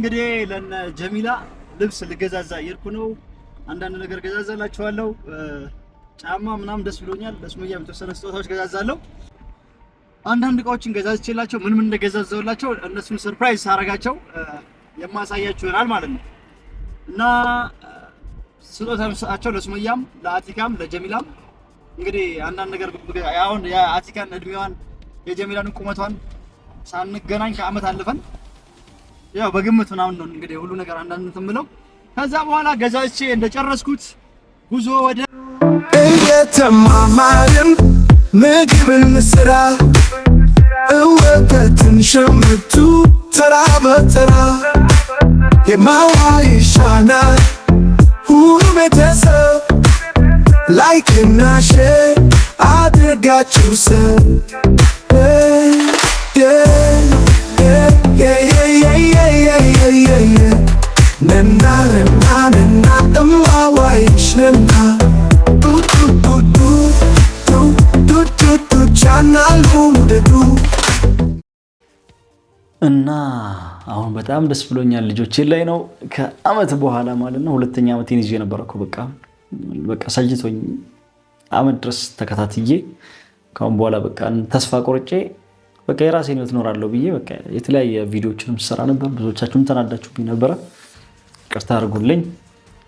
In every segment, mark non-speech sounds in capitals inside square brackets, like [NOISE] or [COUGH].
እንግዲህ ለነ ጀሚላ ልብስ ልገዛዛ እየሄድኩ ነው። አንዳንድ ነገር ገዛዛላችኋለሁ። ጫማ ምናምን ደስ ብሎኛል። ለሱመያ የተወሰነ ስጦታዎች ገዛዛለሁ። አንዳንድ እቃዎችን ገዛዝቼላቸው ምን ምን እንደገዛዘውላቸው እነሱን ሰርፕራይዝ ሳረጋቸው የማሳያችሁ ይሆናል ማለት ነው እና ስጦታ የምሰጣቸው ለሱመያም፣ ለአቲካም፣ ለጀሚላም እንግዲህ አንዳንድ ነገር አሁን የአቲካን እድሜዋን የጀሚላን ቁመቷን ሳንገናኝ ከአመት አልፈን ያው በግምት ምናምን ነው እንግዲህ ሁሉ ነገር አንዳንድ እንትን ብለው ከዛ በኋላ ገዛቼ እንደጨረስኩት ጉዞ ወደ እየተማማርን ምግብን ስራ እወተትን ሸምቱ ተራ በተራ የማዋ ይሻናል ሁሉ ቤተሰብ ላይክና ሼር አድርጋችሁ ሰብ እና አሁን በጣም ደስ ብሎኛል። ልጆችን ላይ ነው ከአመት በኋላ ማለት ነው። ሁለተኛ ዓመቴን ይዤ የነበረኩ እኮ በቃ በቃ ሰጅቶኝ አመት ድረስ ተከታትዬ ካሁን በኋላ በቃ ተስፋ ቆርጬ በቃ የራሴን ሕይወት እኖራለሁ ብዬ በቃ የተለያየ ቪዲዮዎችንም ስሰራ ነበር። ብዙዎቻችሁም ተናዳችሁብኝ ነበረ። ቅርታ አድርጉልኝ።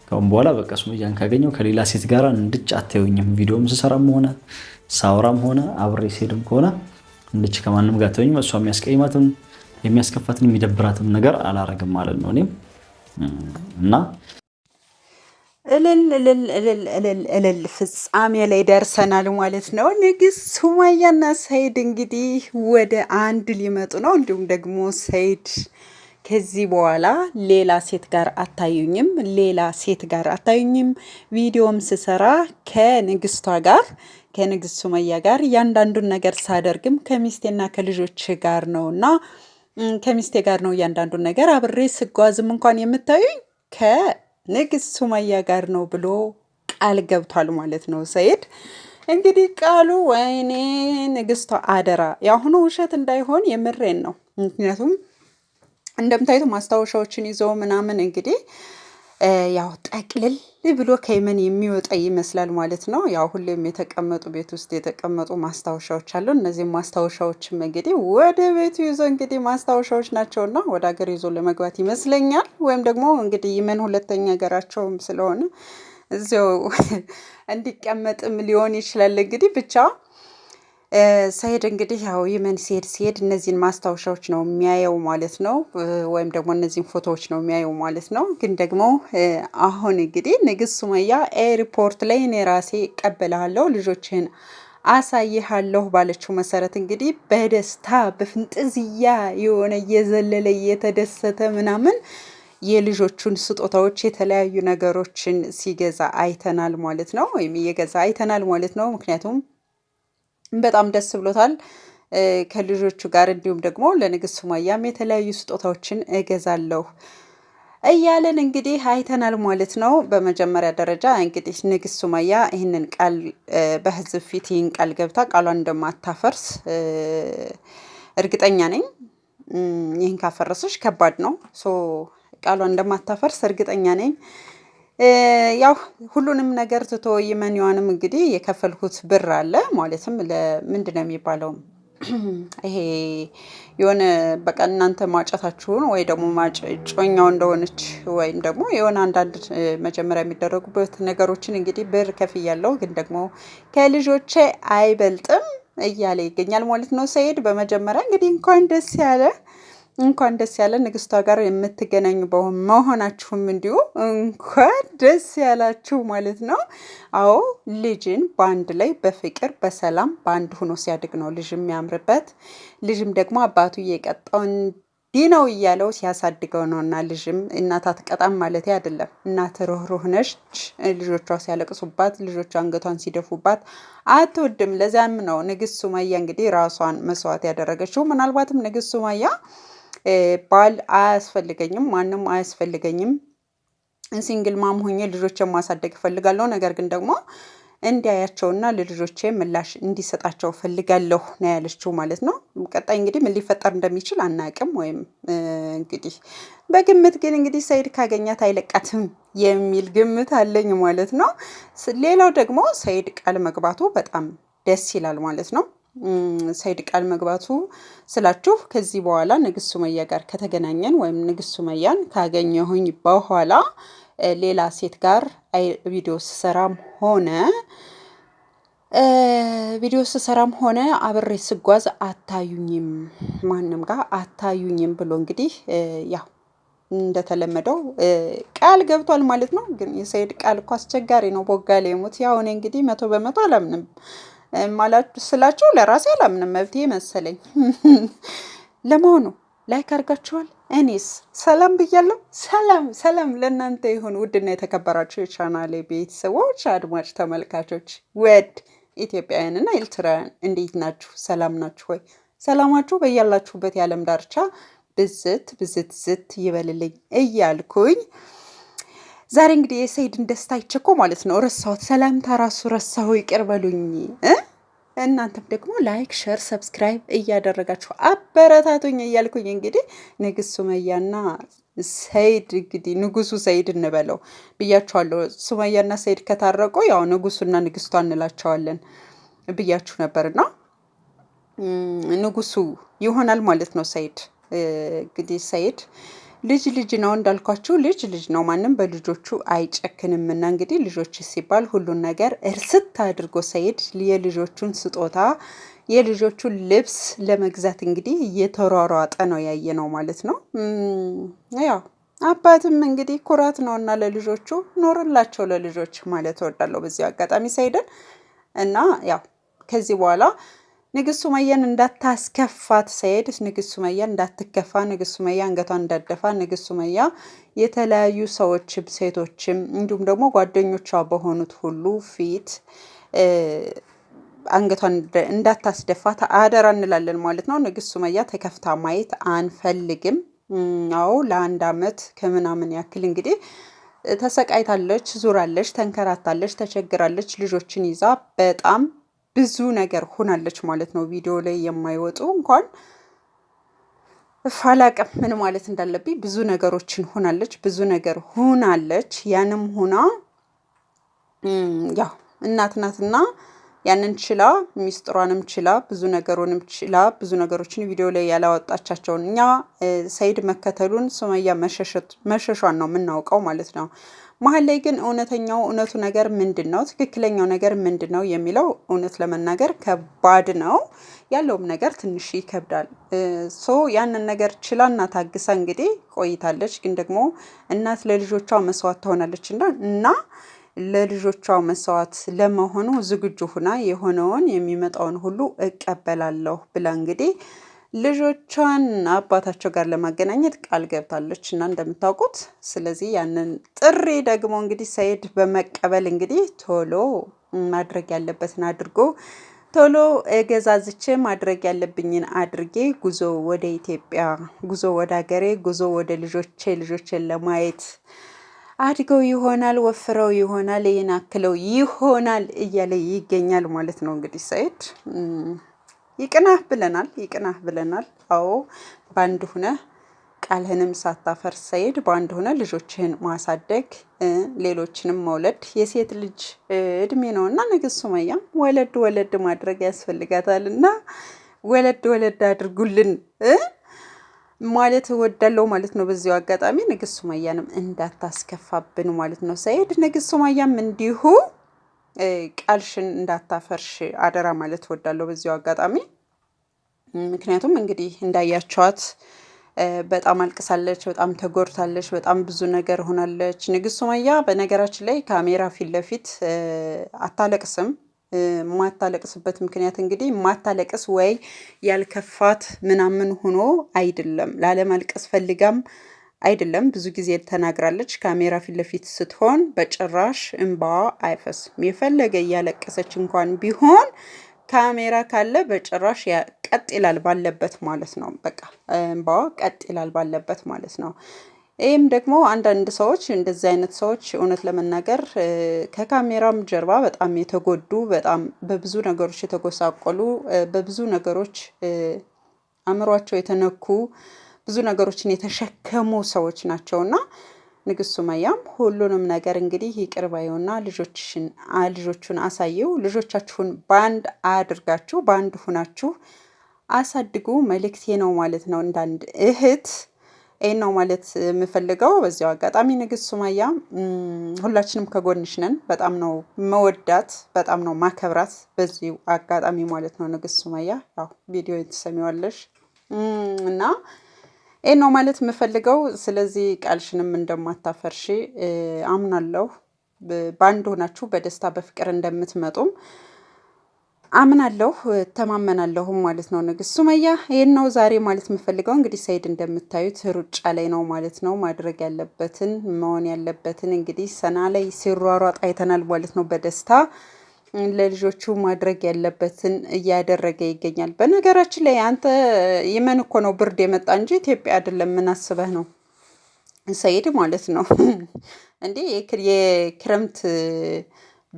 ካሁን በኋላ በቃ ሱመያን ካገኘው ከሌላ ሴት ጋር እንድች አታዩኝም። ቪዲዮም ስሰራም ሆነ ሳውራም ሆነ አብሬ ስሄድም ከሆነ እንድች ከማንም ጋር አታዩኝም። እሷ የሚያስቀይማትም የሚያስከፋትን የሚደብራትም ነገር አላረግም ማለት ነው። እኔም እና እልል እልል እልል እልል እልል ፍጻሜ ላይ ደርሰናል ማለት ነው። ንግስት ሱመያና ሰይድ እንግዲህ ወደ አንድ ሊመጡ ነው። እንዲሁም ደግሞ ሰይድ ከዚህ በኋላ ሌላ ሴት ጋር አታዩኝም፣ ሌላ ሴት ጋር አታዩኝም። ቪዲዮም ስሰራ ከንግስቷ ጋር ከንግስት ሱመያ ጋር እያንዳንዱን ነገር ሳደርግም ከሚስቴና ከልጆች ጋር ነውና ከሚስቴ ጋር ነው እያንዳንዱን ነገር አብሬ ስጓዝም እንኳን የምታዩኝ ከንግስት ሱመያ ጋር ነው ብሎ ቃል ገብቷል ማለት ነው ሰኢድ። እንግዲህ ቃሉ ወይኔ ንግስቷ አደራ፣ የአሁኑ ውሸት እንዳይሆን የምሬን ነው ምክንያቱም እንደምታዩት ማስታወሻዎችን ይዘው ምናምን እንግዲህ ያው ጠቅልል ብሎ ከየመን የሚወጣ ይመስላል ማለት ነው። ያው ሁሌም የተቀመጡ ቤት ውስጥ የተቀመጡ ማስታወሻዎች አሉ። እነዚህ ማስታወሻዎችም እንግዲህ ወደ ቤቱ ይዞ እንግዲህ ማስታወሻዎች ናቸውና ወደ ሀገር ይዞ ለመግባት ይመስለኛል። ወይም ደግሞ እንግዲህ የመን ሁለተኛ ሀገራቸውም ስለሆነ እዚው [LAUGHS] እንዲቀመጥም ሊሆን ይችላል እንግዲህ ብቻ ሰኢድ እንግዲህ ያው የመን ሲሄድ ሲሄድ እነዚህን ማስታወሻዎች ነው የሚያየው ማለት ነው፣ ወይም ደግሞ እነዚህን ፎቶዎች ነው የሚያየው ማለት ነው። ግን ደግሞ አሁን እንግዲህ ንግስት ሱመያ ኤርፖርት ላይ እኔ ራሴ እቀበልሃለሁ ልጆችህን አሳይሃለሁ ባለችው መሰረት እንግዲህ በደስታ በፍንጥዝያ የሆነ እየዘለለ እየተደሰተ ምናምን የልጆቹን ስጦታዎች የተለያዩ ነገሮችን ሲገዛ አይተናል ማለት ነው፣ ወይም እየገዛ አይተናል ማለት ነው። ምክንያቱም በጣም ደስ ብሎታል ከልጆቹ ጋር እንዲሁም ደግሞ ለንግስት ሱማያም የተለያዩ ስጦታዎችን እገዛለሁ እያለን እንግዲህ አይተናል ማለት ነው። በመጀመሪያ ደረጃ እንግዲህ ንግስት ሱማያ ይህንን ቃል በህዝብ ፊት ይህን ቃል ገብታ ቃሏን እንደማታፈርስ እርግጠኛ ነኝ። ይህን ካፈረሰች ከባድ ነው። ቃሏን እንደማታፈርስ እርግጠኛ ነኝ። ያው ሁሉንም ነገር ትቶ ይመንዋንም እንግዲህ የከፈልኩት ብር አለ ማለትም ለምንድን ነው የሚባለው [CLEARS THROAT] ይሄ የሆነ በቃ እናንተ ማጨታችሁን ወይ ደግሞ ጮኛው እንደሆነች ወይም ደግሞ የሆነ አንዳንድ መጀመሪያ የሚደረጉበት ነገሮችን እንግዲህ ብር ከፍያለሁ፣ ግን ደግሞ ከልጆቼ አይበልጥም እያለ ይገኛል ማለት ነው ሰኢድ። በመጀመሪያ እንግዲህ እንኳን ደስ ያለ እንኳን ደስ ያለ ንግስቷ ጋር የምትገናኙ መሆናችሁም እንዲሁ እንኳን ደስ ያላችሁ ማለት ነው። አዎ ልጅን በአንድ ላይ በፍቅር በሰላም በአንድ ሆኖ ሲያድግ ነው ልጅ የሚያምርበት። ልጅም ደግሞ አባቱ እየቀጣው እንዲህ ነው እያለው ሲያሳድገው ነው እና ልጅም እናት አትቀጣም ማለት አይደለም። እናት ሩህሩህ ነች። ልጆቿ ሲያለቅሱባት፣ ልጆቿ አንገቷን ሲደፉባት አትወድም። ለዚያም ነው ንግስት ሱማያ እንግዲህ ራሷን መስዋዕት ያደረገችው። ምናልባትም ንግስት ሱማያ ባል አያስፈልገኝም፣ ማንም አያስፈልገኝም። ሲንግል ማም ሆኜ ልጆቼ ማሳደግ እፈልጋለሁ። ነገር ግን ደግሞ እንዲያያቸውና ለልጆቼ ምላሽ እንዲሰጣቸው ፈልጋለሁ ነው ያለችው ማለት ነው። ቀጣይ እንግዲህ ምን ሊፈጠር እንደሚችል አናቅም። ወይም እንግዲህ በግምት ግን እንግዲህ ሰይድ ካገኛት አይለቃትም የሚል ግምት አለኝ ማለት ነው። ሌላው ደግሞ ሰይድ ቃል መግባቱ በጣም ደስ ይላል ማለት ነው። ሰይድ ቃል መግባቱ ስላችሁ ከዚህ በኋላ ንግስት ሱመያ ጋር ከተገናኘን ወይም ንግስት ሱመያን ካገኘሁኝ በኋላ ሌላ ሴት ጋር ቪዲዮ ስሰራም ሆነ ቪዲዮ ስሰራም ሆነ አብሬ ስጓዝ አታዩኝም፣ ማንም ጋር አታዩኝም ብሎ እንግዲህ ያው እንደተለመደው ቃል ገብቷል ማለት ነው። ግን የሰይድ ቃል እኮ አስቸጋሪ ነው። ቦጋሌ ሙት ያው እኔ እንግዲህ መቶ በመቶ አላምንም። ስላቸው ለራሴ አላምንም መብቴ መሰለኝ። ለመሆኑ ላይክ አድርጋችኋል? እኔስ ሰላም ብያለሁ። ሰላም ሰላም ለእናንተ ይሁን ውድና የተከበራችሁ የቻናሌ ቤተሰቦች አድማጭ ተመልካቾች፣ ወድ ኢትዮጵያውያንና ኤርትራውያን እንዴት ናችሁ? ሰላም ናችሁ ወይ? ሰላማችሁ በያላችሁበት የዓለም ዳርቻ ብዝት ብዝት ዝት ይበልልኝ እያልኩኝ ዛሬ እንግዲህ የሰይድን ደስታ አይቸኮ ማለት ነው። ረሳሁት፣ ሰላምታ ራሱ ረሳሁ፣ ይቅር በሉኝ እ እናንተም ደግሞ ላይክ፣ ሸር፣ ሰብስክራይብ እያደረጋችሁ አበረታቱኝ እያልኩኝ እንግዲህ ንግስት ሱመያና ሰይድ እንግዲህ ንጉሱ ሰይድ እንበለው ብያችኋለሁ። ሱመያና ሰይድ ከታረቁ ያው ንጉሱና ንግስቷ እንላቸዋለን ብያችሁ ነበርና ንጉሱ ይሆናል ማለት ነው ሰይድ እንግዲህ ሰይድ ልጅ ልጅ ነው እንዳልኳችሁ፣ ልጅ ልጅ ነው። ማንም በልጆቹ አይጨክንም። እና እንግዲህ ልጆች ሲባል ሁሉን ነገር እርስት አድርጎ ሰይድ የልጆቹን ስጦታ የልጆቹን ልብስ ለመግዛት እንግዲህ እየተሯሯጠ ነው ያየ ነው ማለት ነው። ያው አባትም እንግዲህ ኩራት ነው እና ለልጆቹ ኖርላቸው ለልጆች ማለት እወዳለሁ በዚሁ አጋጣሚ ሰይድን እና ያው ከዚህ በኋላ ንግስት ሱመያን እንዳታስከፋት ሰኢድ፣ ንግስት ሱመያ እንዳትከፋ፣ ንግስት ሱመያ አንገቷን እንዳደፋ፣ ንግስት ሱመያ የተለያዩ ሰዎችም ሴቶችም እንዲሁም ደግሞ ጓደኞቿ በሆኑት ሁሉ ፊት አንገቷን እንዳታስደፋት አደራ እንላለን ማለት ነው። ንግስት ሱመያ ተከፍታ ማየት አንፈልግም። አዎ ለአንድ አመት ከምናምን ያክል እንግዲህ ተሰቃይታለች፣ ዙራለች፣ ተንከራታለች፣ ተቸግራለች ልጆችን ይዛ በጣም ብዙ ነገር ሆናለች ማለት ነው። ቪዲዮ ላይ የማይወጡ እንኳን ፋላቅም ምን ማለት እንዳለብኝ ብዙ ነገሮችን ሆናለች፣ ብዙ ነገር ሆናለች። ያንም ሆና ያው እናት ናትና ያንን ችላ ሚስጥሯንም ችላ ብዙ ነገሩንም ችላ ብዙ ነገሮችን ቪዲዮ ላይ ያላወጣቻቸውን እኛ ሰይድ መከተሉን ሱመያ መሸሿን ነው የምናውቀው ማለት ነው። መሀል ላይ ግን እውነተኛው እውነቱ ነገር ምንድን ነው፣ ትክክለኛው ነገር ምንድን ነው የሚለው እውነት ለመናገር ከባድ ነው። ያለውም ነገር ትንሽ ይከብዳል። ሶ ያንን ነገር ችላ እና ታግሳ እንግዲህ ቆይታለች። ግን ደግሞ እናት ለልጆቿ መስዋዕት ትሆናለች እና ለልጆቿ መስዋዕት ለመሆኑ ዝግጁ ሁና የሆነውን የሚመጣውን ሁሉ እቀበላለሁ ብላ እንግዲህ ልጆቿን አባታቸው ጋር ለማገናኘት ቃል ገብታለች እና እንደምታውቁት፣ ስለዚህ ያንን ጥሪ ደግሞ እንግዲህ ሰይድ በመቀበል እንግዲህ ቶሎ ማድረግ ያለበትን አድርጎ ቶሎ እገዛዝቼ ማድረግ ያለብኝን አድርጌ ጉዞ ወደ ኢትዮጵያ፣ ጉዞ ወደ ሀገሬ፣ ጉዞ ወደ ልጆቼ ልጆቼን ለማየት አድገው ይሆናል ወፍረው ይሆናል ይህን አክለው ይሆናል እያለ ይገኛል ማለት ነው። እንግዲህ ሰኢድ ይቅናህ ብለናል፣ ይቅናህ ብለናል። አዎ በአንድ ሁነ ቃልህንም ሳታፈር ሰኢድ በአንድ ሆነ ልጆችህን ማሳደግ ሌሎችንም መውለድ የሴት ልጅ እድሜ ነው እና ንግስት ሱመያ ወለድ ወለድ ማድረግ ያስፈልጋታል እና ወለድ ወለድ አድርጉልን። ማለት እወዳለሁ ማለት ነው። በዚሁ አጋጣሚ ንግስት ሱመያንም እንዳታስከፋብን ማለት ነው። ሰኢድ ንግስት ሱመያም እንዲሁ ቃልሽን እንዳታፈርሽ አደራ ማለት እወዳለሁ በዚሁ አጋጣሚ። ምክንያቱም እንግዲህ እንዳያቸዋት በጣም አልቅሳለች፣ በጣም ተጎድታለች፣ በጣም ብዙ ነገር ሆናለች። ንግስት ሱመያ በነገራችን ላይ ካሜራ ፊት ለፊት አታለቅስም። ማታለቅስበት ምክንያት እንግዲህ ማታለቅስ ወይ ያልከፋት ምናምን ሆኖ አይደለም፣ ላለማልቀስ ፈልጋም አይደለም። ብዙ ጊዜ ተናግራለች። ካሜራ ፊት ለፊት ስትሆን በጭራሽ እምባዋ አይፈስም። የፈለገ እያለቀሰች እንኳን ቢሆን ካሜራ ካለ በጭራሽ ቀጥ ይላል ባለበት ማለት ነው። በቃ እምባዋ ቀጥ ይላል ባለበት ማለት ነው። ይህም ደግሞ አንዳንድ ሰዎች እንደዚህ አይነት ሰዎች እውነት ለመናገር ከካሜራም ጀርባ በጣም የተጎዱ በጣም በብዙ ነገሮች የተጎሳቆሉ በብዙ ነገሮች አእምሯቸው የተነኩ ብዙ ነገሮችን የተሸከሙ ሰዎች ናቸውና ንግስት ሱመያም ሁሉንም ነገር እንግዲህ ይቅር ባዩና ልጆቹን አሳየው፣ ልጆቻችሁን በአንድ አድርጋችሁ በአንድ ሁናችሁ አሳድጉ መልእክቴ ነው ማለት ነው እንዳንድ እህት ይህን ነው ማለት የምፈልገው። በዚያው አጋጣሚ ንግስት ሱማያ ሁላችንም ከጎንሽ ነን። በጣም ነው መወዳት፣ በጣም ነው ማከብራት። በዚሁ አጋጣሚ ማለት ነው ንግስት ሱማያ ያው ቪዲዮ ትሰሚዋለሽ እና ይህን ነው ማለት የምፈልገው። ስለዚህ ቃልሽንም እንደማታፈርሺ አምናለሁ። በአንድ ሆናችሁ በደስታ በፍቅር እንደምትመጡም አምናለሁ ተማመናለሁም ማለት ነው። ንግስት ሱመያ ይህን ነው ዛሬ ማለት የምፈልገው። እንግዲህ ሰይድ እንደምታዩት ሩጫ ላይ ነው ማለት ነው። ማድረግ ያለበትን መሆን ያለበትን እንግዲህ ሰና ላይ ሲሯሯጥ አይተናል ማለት ነው። በደስታ ለልጆቹ ማድረግ ያለበትን እያደረገ ይገኛል። በነገራችን ላይ አንተ የመን እኮ ነው ብርድ የመጣ እንጂ ኢትዮጵያ አይደለም። ምን አስበህ ነው ሰይድ ማለት ነው እንዴ የክረምት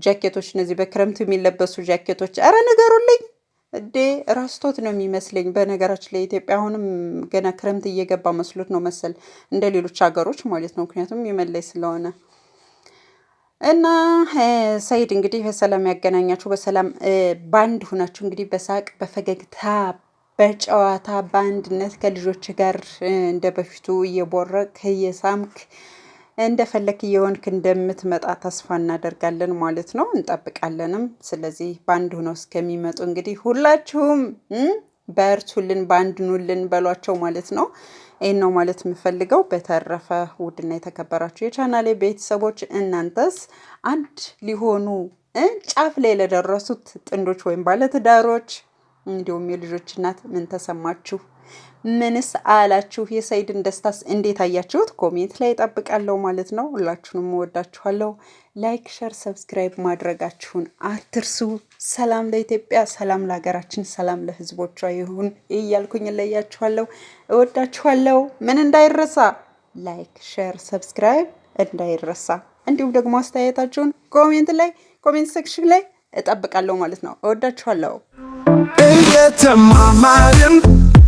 ጃኬቶች እነዚህ በክረምት የሚለበሱ ጃኬቶች። አረ ንገሩልኝ እንዴ ራስቶት ነው የሚመስለኝ። በነገራችን ላይ ኢትዮጵያ አሁንም ገና ክረምት እየገባ መስሎት ነው መሰል እንደ ሌሎች ሀገሮች ማለት ነው። ምክንያቱም የመላይ ስለሆነ እና ሰይድ እንግዲህ በሰላም ያገናኛችሁ፣ በሰላም ባንድ ሁናችሁ እንግዲህ በሳቅ በፈገግታ በጨዋታ በአንድነት ከልጆች ጋር እንደ በፊቱ እየቦረቅ እየሳምክ እንደፈለክ የሆንክ እንደምትመጣ ተስፋ እናደርጋለን ማለት ነው፣ እንጠብቃለንም። ስለዚህ በአንድ ሁነው እስከሚመጡ እንግዲህ ሁላችሁም በእርቱልን በአንድ ኑልን በሏቸው ማለት ነው። ይህን ነው ማለት የምፈልገው። በተረፈ ውድና የተከበራችሁ የቻናሌ ቤተሰቦች እናንተስ አንድ ሊሆኑ ጫፍ ላይ ለደረሱት ጥንዶች ወይም ባለትዳሮች እንዲሁም የልጆች እናት ምን ተሰማችሁ? ምንስ አላችሁ? የሰይድን ደስታስ እንዴት አያችሁት? ኮሜንት ላይ ጠብቃለሁ ማለት ነው። ሁላችሁንም እወዳችኋለሁ። ላይክ፣ ሸር፣ ሰብስክራይብ ማድረጋችሁን አትርሱ። ሰላም ለኢትዮጵያ፣ ሰላም ለሀገራችን፣ ሰላም ለህዝቦቿ ይሁን እያልኩኝ እለያችኋለሁ። እወዳችኋለሁ። ምን እንዳይረሳ ላይክ፣ ሸር፣ ሰብስክራይብ እንዳይረሳ እንዲሁም ደግሞ አስተያየታችሁን ኮሜንት ላይ ኮሜንት ሴክሽን ላይ እጠብቃለሁ ማለት ነው። እወዳችኋለሁ። እየተማማርን